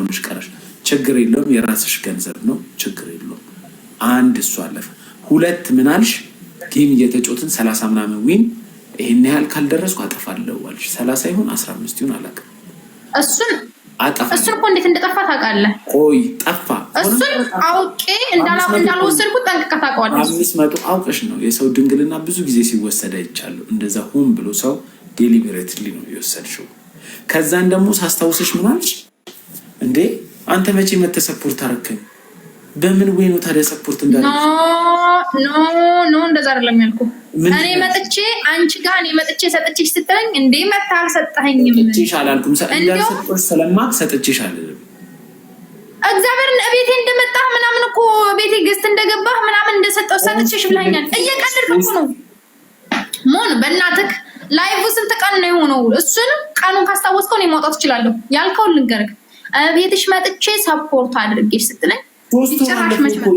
ሆነሽ ቀረሽ፣ ችግር የለውም የራስሽ ገንዘብ ነው፣ ችግር የለውም። አንድ እሱ አለፈ። ሁለት ምናልሽ ጌም እየተጮትን ሰላሳ ምናምን ዊን ይህን ያህል ካልደረስኩ አጠፋለሁ አለሽ። ሰላሳ ይሁን አስራ አምስት ይሁን አላውቅም። እሱን እሱን እኮ እንዴት እንደጠፋ ታውቃለህ። ቆይ ጠፋ። እሱን አውቄ እንዳልወሰድኩት ጠንቅቀህ ታውቀዋለህ። አምስት መቶ አውቀሽ ነው። የሰው ድንግልና ብዙ ጊዜ ሲወሰድ አይቻለሁ። እንደዛ ሆን ብሎ ሰው ዴሊቤሬትሊ ነው የወሰድሽው። ከዛን ደግሞ ሳስታውሰሽ ምናልሽ እንዴ አንተ መቼ መተህ ሰፖርት አረከኝ? በምን ወይ ነው ታዲያ ሰፖርት እንዳለ? ኖ ኖ እንደዛ አይደለም ያልኩ። እኔ መጥቼ አንቺ ጋር እኔ መጥቼ ሰጥቼሽ ስትለኝ እንዴ መታ አልሰጠኸኝም። ሰጥቼሽ አላልኩም። እንዳልሰጠሽ ስለማቅ ሰጥቼሽ አልልም። እግዚአብሔርን ቤቴ እንደመጣ ምናምን እኮ ቤቴ ገዝት እንደገባ ምናምን እንደሰጠው ሰጥቼሽ ብላኛል። እየቀለድክ እኮ ነው ሞን በእናትህ ላይቭ ስንት ቀን ነው የሆነው? እሱንም ቀኑን ካስታወስከው እኔ ማውጣት እችላለሁ። ያልከውን ልንገርህ ቤትሽ መጥቼ ሰፖርት አድርጌሽ ስትለኝ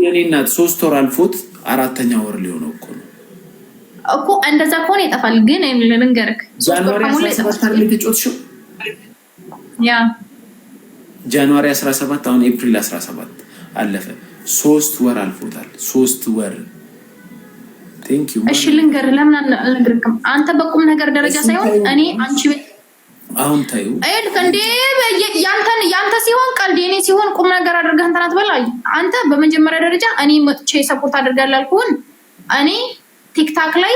የኔናት ሶስት ወር አልፎት አራተኛ ወር ሊሆነው እኮ ነው እኮ እንደዛ ከሆነ ይጠፋል። ግን ልንገርክ ጃንዋሪ 17 አሁን ኤፕሪል 17 አለፈ። ሶስት ወር አልፎታል። ሶስት ወር እሺ፣ ልንገር ለምን አልነግርክም? አንተ በቁም ነገር ደረጃ ሳይሆን እኔ አንቺ አሁን ታዩ እንዴ ሲሆን ቁም ነገር አድርገህ እንትን አትበል። አንተ በመጀመሪያ ደረጃ እኔ መጥቼ ሰፖርት አድርጋለሁ አልኩህን። እኔ ቲክታክ ላይ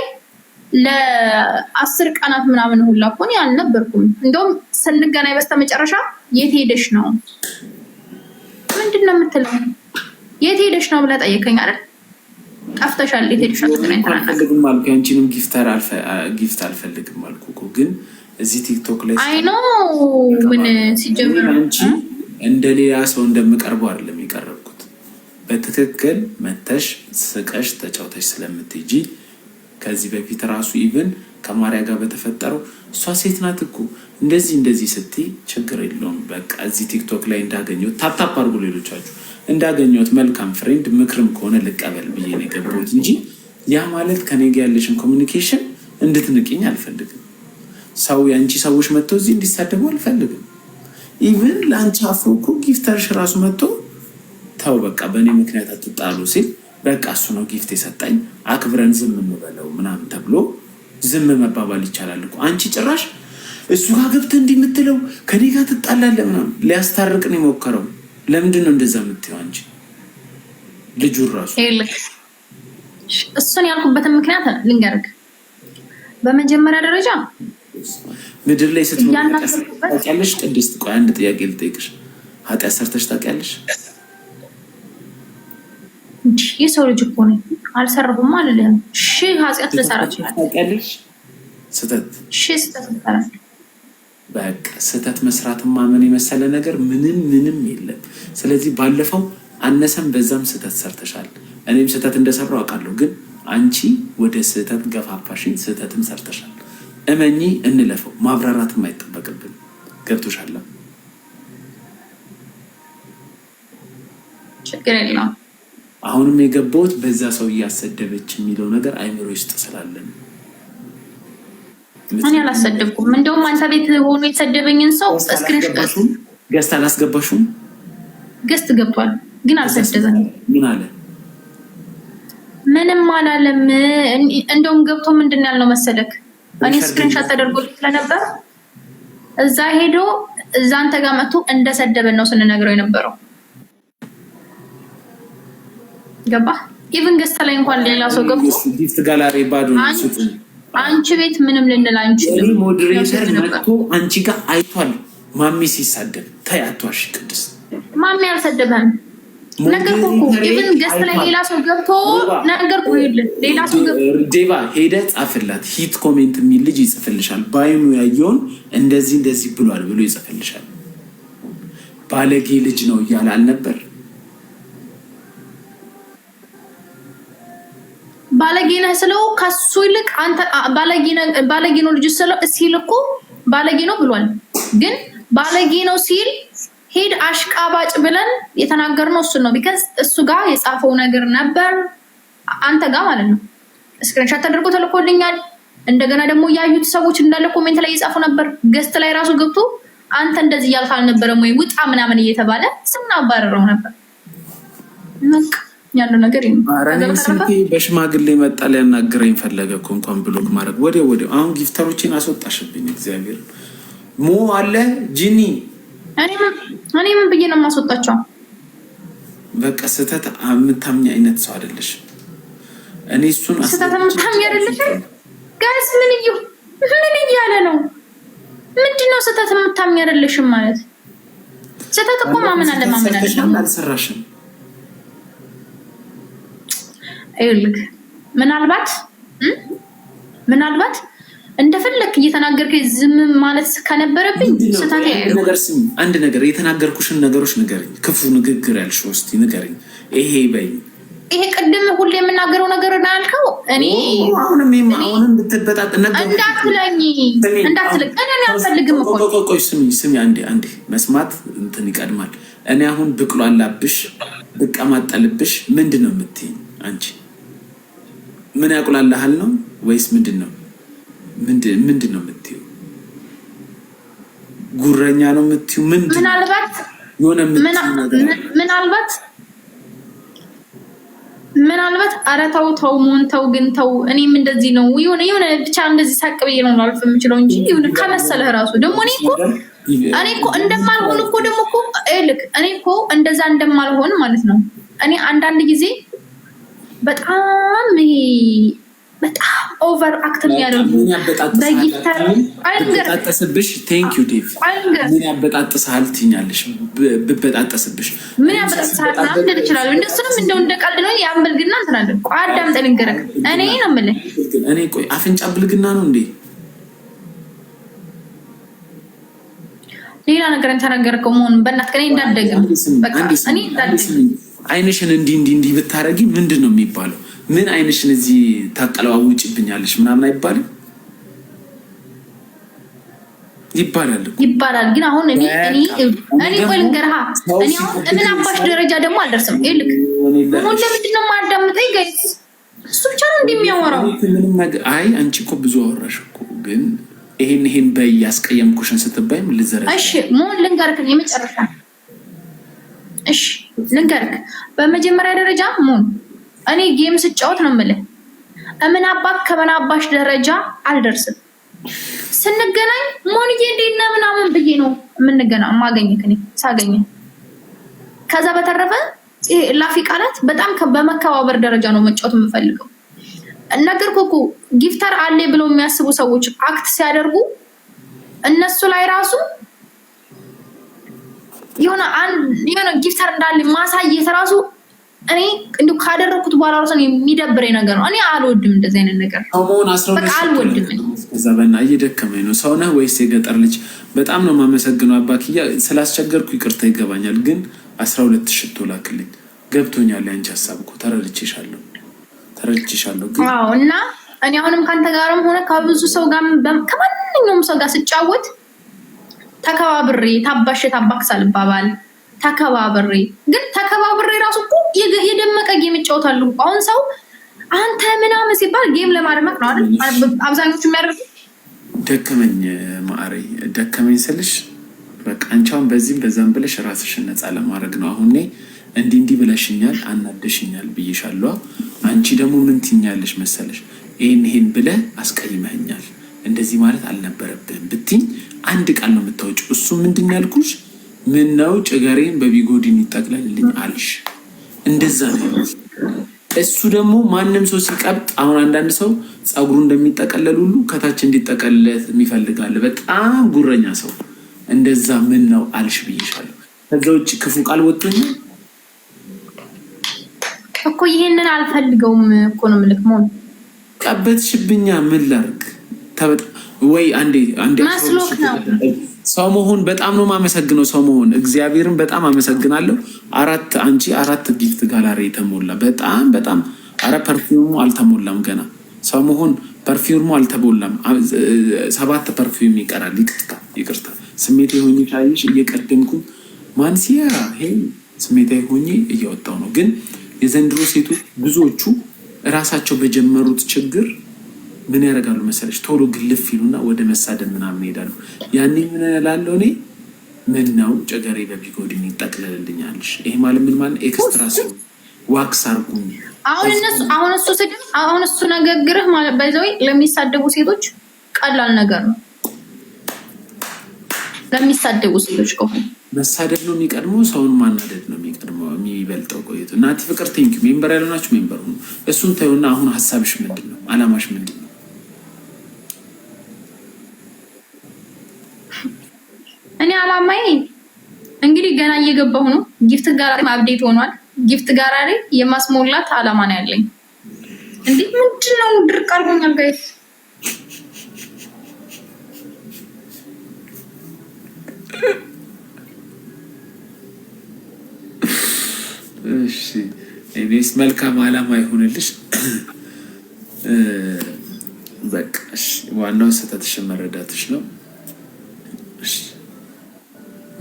ለአስር ቀናት ምናምን ሁላ እኮ እኔ አልነበርኩም። እንደውም ስንገናኝ በስተመጨረሻ የት ሄደሽ ነው ምንድን ነው የምትለው የት ሄደሽ ነው ብለህ ጠየቀኝ አይደል? ጠፍተሻል፣ የት ሄደሽ ነው አልፈልግም አልኩ። ያንቺንም ጊፍት አልፈልግም አልኩ። ግን እዚህ ቲክቶክ ላይ አይ ነው ምን ሲጀምር እንደ ሌላ ሰው እንደምቀርበው አይደለም የቀረብኩት። በትክክል መተሽ ስቀሽ ተጫውተሽ ስለምትጂ ከዚህ በፊት ራሱ ኢቭን ከማርያ ጋር በተፈጠረው እሷ ሴት ናት እኮ እንደዚህ እንደዚህ ስትይ ችግር የለውም በቃ እዚህ ቲክቶክ ላይ እንዳገኘት ታፕታፕ አድርጎ ሌሎቻችሁ እንዳገኘት መልካም ፍሬንድ ምክርም ከሆነ ልቀበል ብዬ ነው የገባሁት እንጂ ያ ማለት ከኔ ጋ ያለሽን ኮሚኒኬሽን እንድትንቅኝ አልፈልግም። ሰው የአንቺ ሰዎች መጥተው እዚህ እንዲሳደቡ አልፈልግም። ኢቨን ለአንቺ አፍሮ እኮ ጊፍተርሽ ራሱ መጥቶ ተው በቃ በእኔ ምክንያት አትጣሉ ሲል በቃ እሱ ነው ጊፍት የሰጠኝ አክብረን ዝም እንበለው ምናምን ተብሎ ዝም መባባል ይቻላል እኮ። አንቺ ጭራሽ እሱ ጋር ገብተህ እንዲህ የምትለው ከኔ ጋር ትጣላለህ ምናምን። ሊያስታርቅ ነው የሞከረው። ለምንድን ነው እንደዛ የምትይው አንቺ? ልጁ ራሱ እሱን ያልኩበትን ምክንያት ልንገርግ። በመጀመሪያ ደረጃ ምድር ላይ ስትያለሽ ቅድስት፣ ቆይ አንድ ጥያቄ ልጠይቅሽ። ኃጢአት ሰርተሽ ታውቂያለሽ? የሰው ልጅ እኮ ነኝ። አልሰራሁም አልልህም። ሺህ ኃጢአት ልሰራ እችላለሁ። ስህተት ሺህ ስህተት ልሰራ በቃ ስህተት መስራት ማመን የመሰለ ነገር ምንም ምንም የለም። ስለዚህ ባለፈው አነሰም በዛም ስህተት ሰርተሻል። እኔም ስህተት እንደሰራው አውቃለሁ፣ ግን አንቺ ወደ ስህተት ገፋፋሽኝ። ስህተትም ሰርተሻል እመኚ እንለፈው። ማብራራት የማይጠበቅብን ገብቶሻል። ችግር የለም አሁንም የገባሁት በዛ ሰው እያሰደበች የሚለው ነገር አይምሮ ውስጥ ስላለን እኔ አላሰደብኩም። እንደውም አንተ ቤት ሆኖ የሰደበኝን ሰው ገስት አላስገባሽም? ገስት ገብቷል፣ ግን አልሰደበም። ምን አለ? ምንም አላለም። እንደውም ገብቶ ምንድን ያልነው መሰለክ እኔ ስክሪንሻት ተደርጎ ስለነበር እዛ ሄዶ እዛ አንተ ጋር መጥቶ እንደሰደበን ነው ስንነግረው የነበረው። ገባ ኢቭን ገስተ ላይ እንኳን ሌላ ሰው ገብቶ ጊፍት ጋላሪ ባዶ አንቺ ቤት ምንም ልንል አንችልም። ሞዴሬተር መጥቶ አንቺ ጋር አይቷል ማሚ ሲሳደብ ታያቷሽ። ቅድስት ማሚ አልሰደበም። ነገርኩህ ኢቭን ገስት ላይ ሌላ ሰው ገብቶ ነገርኩህ። ይኸውልህ ሌላ ሰው ገብቶ ዴባ ሄደህ ጻፍላት። ሂት ኮሜንት የሚል ልጅ ይጽፍልሻል። በአይኑ ያየውን እንደዚህ እንደዚህ ብሏል ብሎ ይጽፍልሻል። ባለጌ ልጅ ነው እያለ አልነበር? ባለጌ ነህ ስለው ከሱ ይልቅ አንተ ባለጌ ነው ልጅ ስለው ሲል እኮ ባለጌ ነው ብሏል። ግን ባለጌ ነው ሲል ሄድ አሽቃባጭ ብለን የተናገርነው እሱን ነው። ቢከዝ እሱ ጋር የጻፈው ነገር ነበር አንተ ጋር ማለት ነው። ስክሪንሻት ተደርጎ ተልኮልኛል። እንደገና ደግሞ ያዩት ሰዎች እንዳለ ኮሜንት ላይ የጻፉ ነበር። ገስት ላይ ራሱ ገብቶ አንተ እንደዚህ እያልክ አልነበረም ወይ ውጣ ምናምን እየተባለ ስናባረረው ነበር። ያለው ነገር በሽማግሌ መጣ ሊያናግረኝ ፈለገ እኮ እንኳን ብሎክ ማድረግ ወዲያው ወዲያው። አሁን ጊፍተሮችን አስወጣሽብኝ። እግዚአብሔር ሞ አለ ጂኒ እኔ ምን ብዬ ነው የማስወጣቸው? በቃ ስህተት የምታምኝ አይነት ሰው አይደለሽ። እኔ እሱን ስህተት የምታምኝ አይደለሽ። ጋስ ምን እዩ ምን እያለ ነው? ምንድን ነው ስህተት የምታምኝ አይደለሽም ማለት? ስህተት እኮ ማመን አለ ማመን አለ። አልሰራሽም ይልክ ምናልባት ምናልባት እንደፈለክ እየተናገርከ ዝም ማለት ከነበረብኝ ስታት ነገር ስሚ፣ አንድ ነገር የተናገርኩሽን ነገሮች ንገርኝ። ክፉ ንግግር ያልሽ ውስጥ ንገርኝ። ይሄ በይ ይሄ ቅድም ሁሌ የምናገረው ነገር እንዳልከው እኔ እንዳትለኝ እንዳትለኝ እኔ አልፈልግም። ቆይ ስሚ ስሚ፣ አንዴ አንዴ መስማት እንትን ይቀድማል። እኔ አሁን ብቅሎ አላብሽ ብቀማጠልብሽ ምንድን ነው የምትይኝ አንቺ? ምን ያቁላልሃል ነው ወይስ ምንድን ነው? ምንድን ነው የምትዩ? ጉረኛ ነው የምትዩ? ምንድን የሆነ ምናልባት ምናልባት ኧረ ተው ተው መሆን ተው ግን ተው። እኔም እንደዚህ ነው የሆነ የሆነ ብቻ እንደዚህ ሳቅ ብዬ ነው ላልፍ የምችለው እንጂ ሆነ ከመሰለህ ራሱ ደግሞ እኔ እኮ እኔ እኮ እንደማልሆን እኮ ደግሞ እኮ ልክ እኔ እኮ እንደዛ እንደማልሆን ማለት ነው። እኔ አንዳንድ ጊዜ በጣም ይሄ በጣም ኦቨር አክት ቴንክ ዩ ዴቭ ምን ያበጣጥስሃል ትኛለሽ ብበጣጠስብሽ ምን ያበጣጥስሃል ምናምን እንደሱንም እንደው እንደ ቀልድ ነው ያን ብልግና አዳምጠ እኔ ነው የምልህ እኔ ቆይ አፍንጫ ብልግና ነው እንዴ ሌላ ነገር ተነገርከው መሆኑን በእናትህ ከእኔ እንዳትደግም አይንሽን እንዲህ እንዲህ እንዲህ ብታረጊ ምንድን ነው የሚባለው ምን አይንሽን እዚህ ታጠለዋውጭብኛለሽ ምናምን አይባልም። ይባላል ይባላል። ግን አሁን እኔ እኔ እኔ ቆይ ልንገርህ፣ እኔ አሁን ምን አባሽ ደረጃ ደግሞ አልደርስም። ይልክ አሁን ለምንድን ነው የማዳምጠኝ? ጋይስ እሱ ብቻ ነው እንደሚያወራው። አይ አንቺ እኮ ብዙ አወራሽ እኮ ግን ይሄን ይሄን በይ ያስቀየምኩሽን ስትባይም ልዘረ እሺ፣ መሆን ልንገርክ፣ የመጨረሻ እሺ ልንገርክ፣ በመጀመሪያ ደረጃ መሆን እኔ ጌም ስጫወት ነው የምልህ። እምን ከምናባሽ ከምን አባሽ ደረጃ አልደርስም። ስንገናኝ ሞንዬ እንዴና ምናምን ብዬ ነው የምንገና ማገኘት እኔ ሳገኘ። ከዛ በተረፈ ላፊ ቃላት በጣም በመከባበር ደረጃ ነው መጫወት የምፈልገው። ነገር ኮኮ ጊፍተር አለ ብለው የሚያስቡ ሰዎች አክት ሲያደርጉ እነሱ ላይ ራሱ የሆነ ጊፍተር እንዳለ ማሳየት ራሱ እኔ እንዲ ካደረግኩት በኋላ ራሱ የሚደብረኝ ነገር ነው። እኔ አልወድም እንደዚህ አይነት ነገር በቃ አልወድም። ዘበና እየደከመኝ ነው። ሰው ነህ ወይስ የገጠር ልጅ? በጣም ነው የማመሰግነው አባክያ፣ ስላስቸገርኩ ይቅርታ ይገባኛል። ግን አስራ ሁለት ሽቶ ላክልኝ። ገብቶኛል። ያንቺ ሀሳብ እኮ ተረድቼሻለሁ፣ ተረድቼሻለሁ። ግን እና እኔ አሁንም ከአንተ ጋርም ሆነ ከብዙ ሰው ጋር ከማንኛውም ሰው ጋር ስጫወት ተከባብሬ ታባሽ ታባክሳል ይባባል ተከባብሬ ግን ተከባብሬ ራሱ እኮ የደመቀ ጌም ይጫወታሉ። አሁን ሰው አንተ ምናምን ሲባል ጌም ለማድመቅ ነው አይደል? አብዛኞቹ የሚያደርጉ ደከመኝ ማሪ ደከመኝ ስልሽ በቃ አንቺ በዚህም በዛም ብለሽ ራስሽን ነፃ ለማድረግ ነው። አሁን እንዲህ እንዲህ ብለሽኛል፣ አናደሽኛል ብይሻለ። አንቺ ደግሞ ምን ትኛለሽ መሰለሽ? ይህን ይህን ብለ አስቀይመኛል፣ እንደዚህ ማለት አልነበረብህም ብትኝ አንድ ቃል ነው የምታወጭ። እሱ ምንድን ያልኩሽ ምን ነው ጭገሬን በቢጎድን ይጠቅለልልኝ አልሽ። እንደዛ ነው። እሱ ደግሞ ማንም ሰው ሲቀብጥ፣ አሁን አንዳንድ ሰው ጸጉሩ እንደሚጠቀለል ሁሉ ከታች እንዲጠቀልለት የሚፈልጋለ በጣም ጉረኛ ሰው እንደዛ ምን ነው አልሽ ብይሻለሁ። ከዛ ውጭ ክፉ ቃል ወጥቶኝ እኮ ይህንን አልፈልገውም እኮ ነው ምልክ መሆን ሽብኛ ምን ላርግ ወይ አንዴ አንዴ መስሎክ ነው ሰው መሆን በጣም ነው የማመሰግነው። ሰው መሆን እግዚአብሔርን በጣም አመሰግናለሁ። አራት አንቺ አራት ጊፍት ጋላሪ የተሞላ በጣም በጣም አረ ፐርፊውሙ አልተሞላም ገና። ሰው መሆን ፐርፊውሙ አልተሞላም። ሰባት ፐርፊውም ይቀራል። ይቅርታ ይቅርታ። ስሜት የሆኝ ታይሽ እየቀደምኩ ማንሲያ ይሄ ስሜት ሆኜ እያወጣው ነው። ግን የዘንድሮ ሴቶች ብዙዎቹ እራሳቸው በጀመሩት ችግር ምን ያደርጋሉ መሰለች? ቶሎ ግልፍ ይሉና ወደ መሳደብ ምናምን ይሄዳሉ። ያኔ ምን ላለው እኔ ምን ነው ጨገሬ በቢጎድን ይጠቅልልልኛለሽ። ይሄ ማለት ምን ማለት ኤክስትራ ሰው ዋክስ አርጉኝ። አሁን እነሱ አሁን እሱ ስድብ አሁን እሱ ነግግርህ ማለት በዛው ለሚሳደቡ ሴቶች ቀላል ነገር ነው። ለሚሳደቡ ሴቶች ቆ መሳደብ ነው የሚቀድመው፣ ሰውን ማናደድ ነው የሚቀድመው የሚበልጠው። ቆይቶ እናቲ ፍቅር ቴንኪ ሜምበር ያልሆናችሁ ሜምበር ነው። እሱን ተይውና አሁን ሀሳብሽ ምንድን ነው? አላማሽ ምንድን ነው? አማማዬ እንግዲህ ገና እየገባሁ ነው። ጊፍት ጋራሪ አብዴት ሆኗል። ጊፍት ጋራሪ የማስሞላት አላማ ነው ያለኝ። እንዴ ምንድን ነው ድርቅ አድርጎኛል ጋይስ እሺ እኔስ መልካም አላማ ይሁንልሽ። በቃ ዋናው ስህተትሽን መረዳትሽ ነው።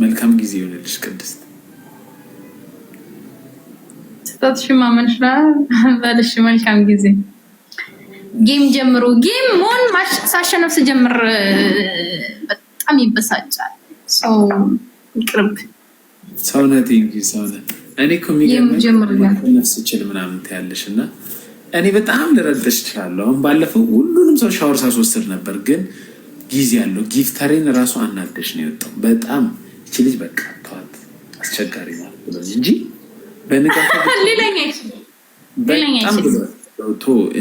መልካም ጊዜ ይሆንልሽ ቅድስት። ስጠትሽማ መልሻል በልሽ። መልካም ጊዜ። ጌም ጀምሮ ጌም ሞን ሳሸነፍ ስጀምር በጣም ይበሳጫል ሰው። ይቅርብ ሰውነት እንጂ ሰውነት። እኔ እኮ የሚገርምሽ ስችል ምናምን ትያለሽ እና እኔ በጣም ልረዳሽ እችላለሁ። አሁን ባለፈው ሁሉንም ሰው ሻወር ሳስወስድ ነበር፣ ግን ጊዜ ያለው ጊፍተሬን ራሱ አናደሽ ነው የወጣው በጣም እቺ ልጅ በቃ ተዋት፣ አስቸጋሪ ማለት ብሎኝ እንጂ በንጋታ በጣም ብሎ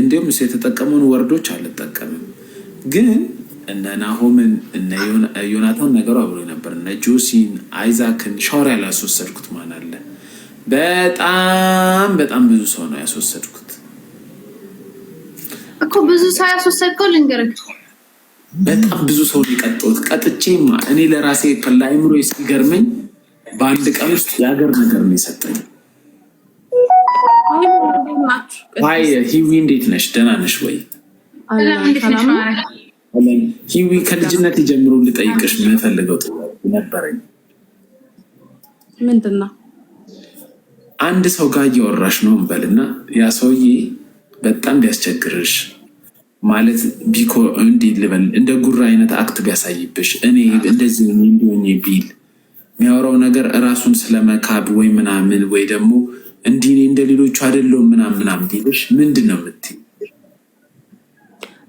እንዲሁም እሱ የተጠቀመውን ወርዶች አልጠቀምም ግን እነ ናሆምን እነ ዮናታን ነገሩ አብሮ ነበር። እነ ጆሲን አይዛክን ሻወር ያለ ያስወሰድኩት ማን አለ? በጣም በጣም ብዙ ሰው ነው ያስወሰድኩት እኮ ብዙ ሰው ያስወሰድከው ልንገርህ በጣም ብዙ ሰው የቀጦት ቀጥቼማ እኔ ለራሴ አይምሮ ሲገርመኝ በአንድ ቀን ውስጥ የሀገር ነገር ነው የሰጠኝ። ሂዊ እንዴት ነሽ? ደህና ነሽ ወይ? ሂዊ ከልጅነት ጀምሮ ልጠይቅሽ የምፈልገው ጥያቄ ነበረኝ። ምንድን ነው? አንድ ሰው ጋር እያወራሽ ነው እንበልና ያ ሰውዬ በጣም ቢያስቸግርሽ ማለት ቢኮ እንዲ ልበል እንደ ጉራ አይነት አክት ቢያሳይብሽ እኔ እንደዚህ እንዲሆኝ ቢል የሚያወራው ነገር እራሱን ስለመካብ ወይ ምናምን ወይ ደግሞ እንዲህ እኔ እንደ ሌሎቹ አይደለሁም ምናምን ምናምን ቢልሽ ምንድን ነው የምትይው?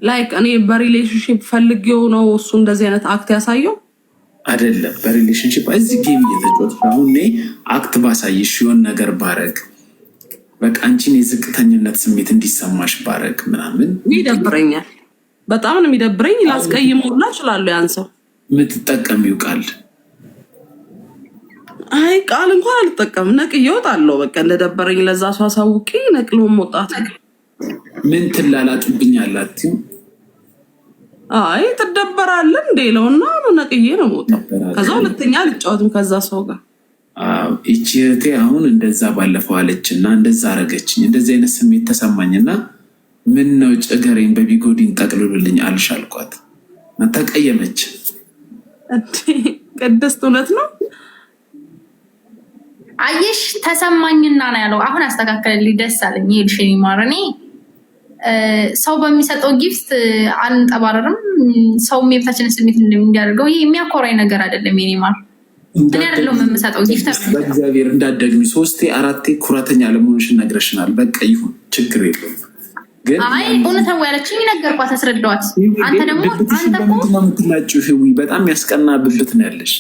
ላይክ እኔ በሪሌሽንሽፕ ፈልጌው ነው እሱ እንደዚህ አይነት አክት ያሳየው አይደለም። በሪሌሽንሽፕ እዚህ ጌም እየተጫወትሽ አሁን እኔ አክት ባሳይሽ የሆነ ነገር ባረግ በቃ አንቺን የዝቅተኝነት ስሜት እንዲሰማሽ ባረግ ምናምን ይደብረኛል። በጣም ነው የሚደብረኝ። ላስቀይም ሁላ እችላለሁ ያን ሰው የምትጠቀሚው ቃል አይ ቃል እንኳን አልጠቀምም። ነቅዬ እወጣለሁ። በቃ እንደደበረኝ ለዛ ሰው አሳውቄ ነቅሎ መውጣት። ምን ትላላጥብኝ አላት። አይ ትደበራለን እንዴ ለውና ነቅዬ ነው መውጣው። ከዛ ሁለተኛ አልጫወትም ከዛ ሰው ጋር ይቺ እህቴ አሁን እንደዛ ባለፈው አለች እና እንደዛ አረገችኝ፣ እንደዚህ አይነት ስሜት ተሰማኝ እና ምን ነው ጭገሬን በቢጎዲን ጠቅልሉልኝ አልሽ አልኳት። ተቀየመች። ቅድስት እውነት ነው። አየሽ ተሰማኝና ነው ያለው። አሁን አስተካከልልኝ፣ ደስ አለኝ። ይሄድሽን ማር እኔ ሰው በሚሰጠው ጊፍት አንጠባረርም። ሰውም የቤታችንን ስሜት እንደሚያደርገው ይሄ የሚያኮራኝ ነገር አይደለም። ይኔ ማር እኔ አይደለሁም የምሰጠው ጊፍት። በእግዚአብሔር ሶስቴ አራቴ ኩራተኛ ለመሆንሽ ነግረሽናል። በቃ ይሁን ችግር የለውም። አይ እውነታው ያለችኝ ነገርኳት፣ አስረዳዋት። አንተ ደግሞ አንተ የምትላጭው ህዊ በጣም ያስቀና ብብት ነው ያለሽ።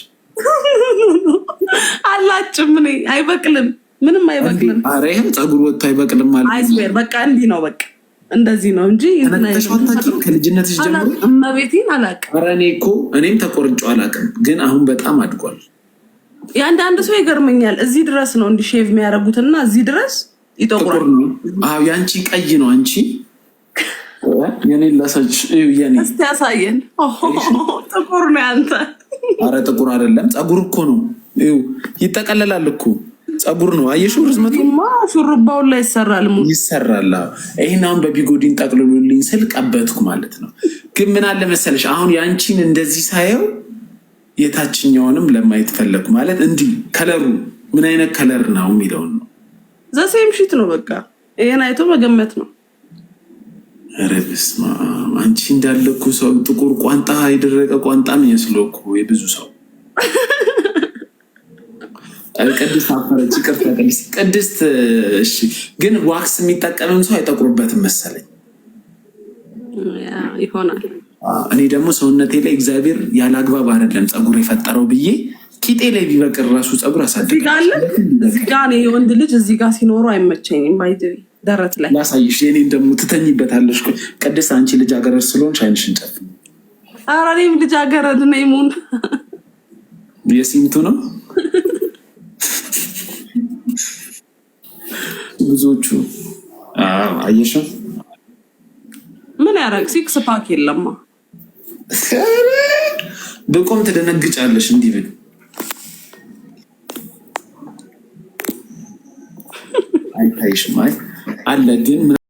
አላጭም እኔ አይበቅልም፣ ምንም አይበቅልም። ኧረ ይሄም ፀጉር ወጥቶ አይበቅልም ማለት አይስዌር። በቃ እንዲህ ነው በቃ እንደዚህ ነው እንጂ ከልጅነትሽ ጀምሮ እመቤቴን አላውቅም። ኧረ እኔ እኮ እኔም ተቆርጮ አላቅም፣ ግን አሁን በጣም አድጓል። የአንዳንድ ሰው ይገርመኛል። እዚህ ድረስ ነው እንዲህ ሼቭ እና እዚህ ድረስ ይጠቁራል። የአንቺ ቀይ ነው አንቺ የኔ ለሰች የኔ እስኪ ያሳየን። ጥቁር ነው ያንተ። አረ ጥቁር አይደለም ጸጉር እኮ ነው። ይጠቀለላል እኮ ጸጉር ነው። አየሽው ርዝመቱማ ሹሩባውን ላይ ይሰራል ይሰራል። ይህን አሁን በቢጎዲን ጠቅልሉልኝ ስል ቀበትኩ ማለት ነው። ግን ምን አለ መሰለሽ አሁን የአንቺን እንደዚህ ሳየው የታችኛውንም ለማየት ፈለጉ ማለት እንዲህ ከለሩ ምን አይነት ከለር ነው የሚለውን ነው። ዘሴም ሽት ነው በቃ ይህን አይቶ መገመት ነው። ኧረ በስመ አብ አንቺ እንዳለኩ ሰው ጥቁር ቋንጣ የደረቀ ቋንጣ ነው የስለኩ የብዙ ሰው ቅድስት አፈረች። ይቅርታ ቅድስት ቅድስት። እሺ ግን ዋክስ የሚጠቀምም ሰው አይጠቁርበትም መሰለኝ ይሆናል እኔ ደግሞ ሰውነቴ ላይ እግዚአብሔር ያለ አግባብ አይደለም ፀጉር የፈጠረው ብዬ ቂጤ ላይ ቢበቅር ራሱ ፀጉር አሳድጋለ። እዚጋ የወንድ ልጅ እዚጋ ሲኖሩ አይመቸኝም። ባይዘ ደረት ላይ ላሳይሽ። የኔን ደግሞ ትተኝበታለሽ። ቅድስት አንቺ ልጅ አገረድ ስለሆንሽ አይንሽን እንጨፍ። ኧረ እኔም ልጅ አገረድ ነው። ሙን የሲምቱ ነው። ብዙዎቹ አየሽም ምን ያረግ ሲክስ ፓክ የለማ በቆም ትደነግጫለሽ። እንዲህ ብል አይታይሽም አለ ግን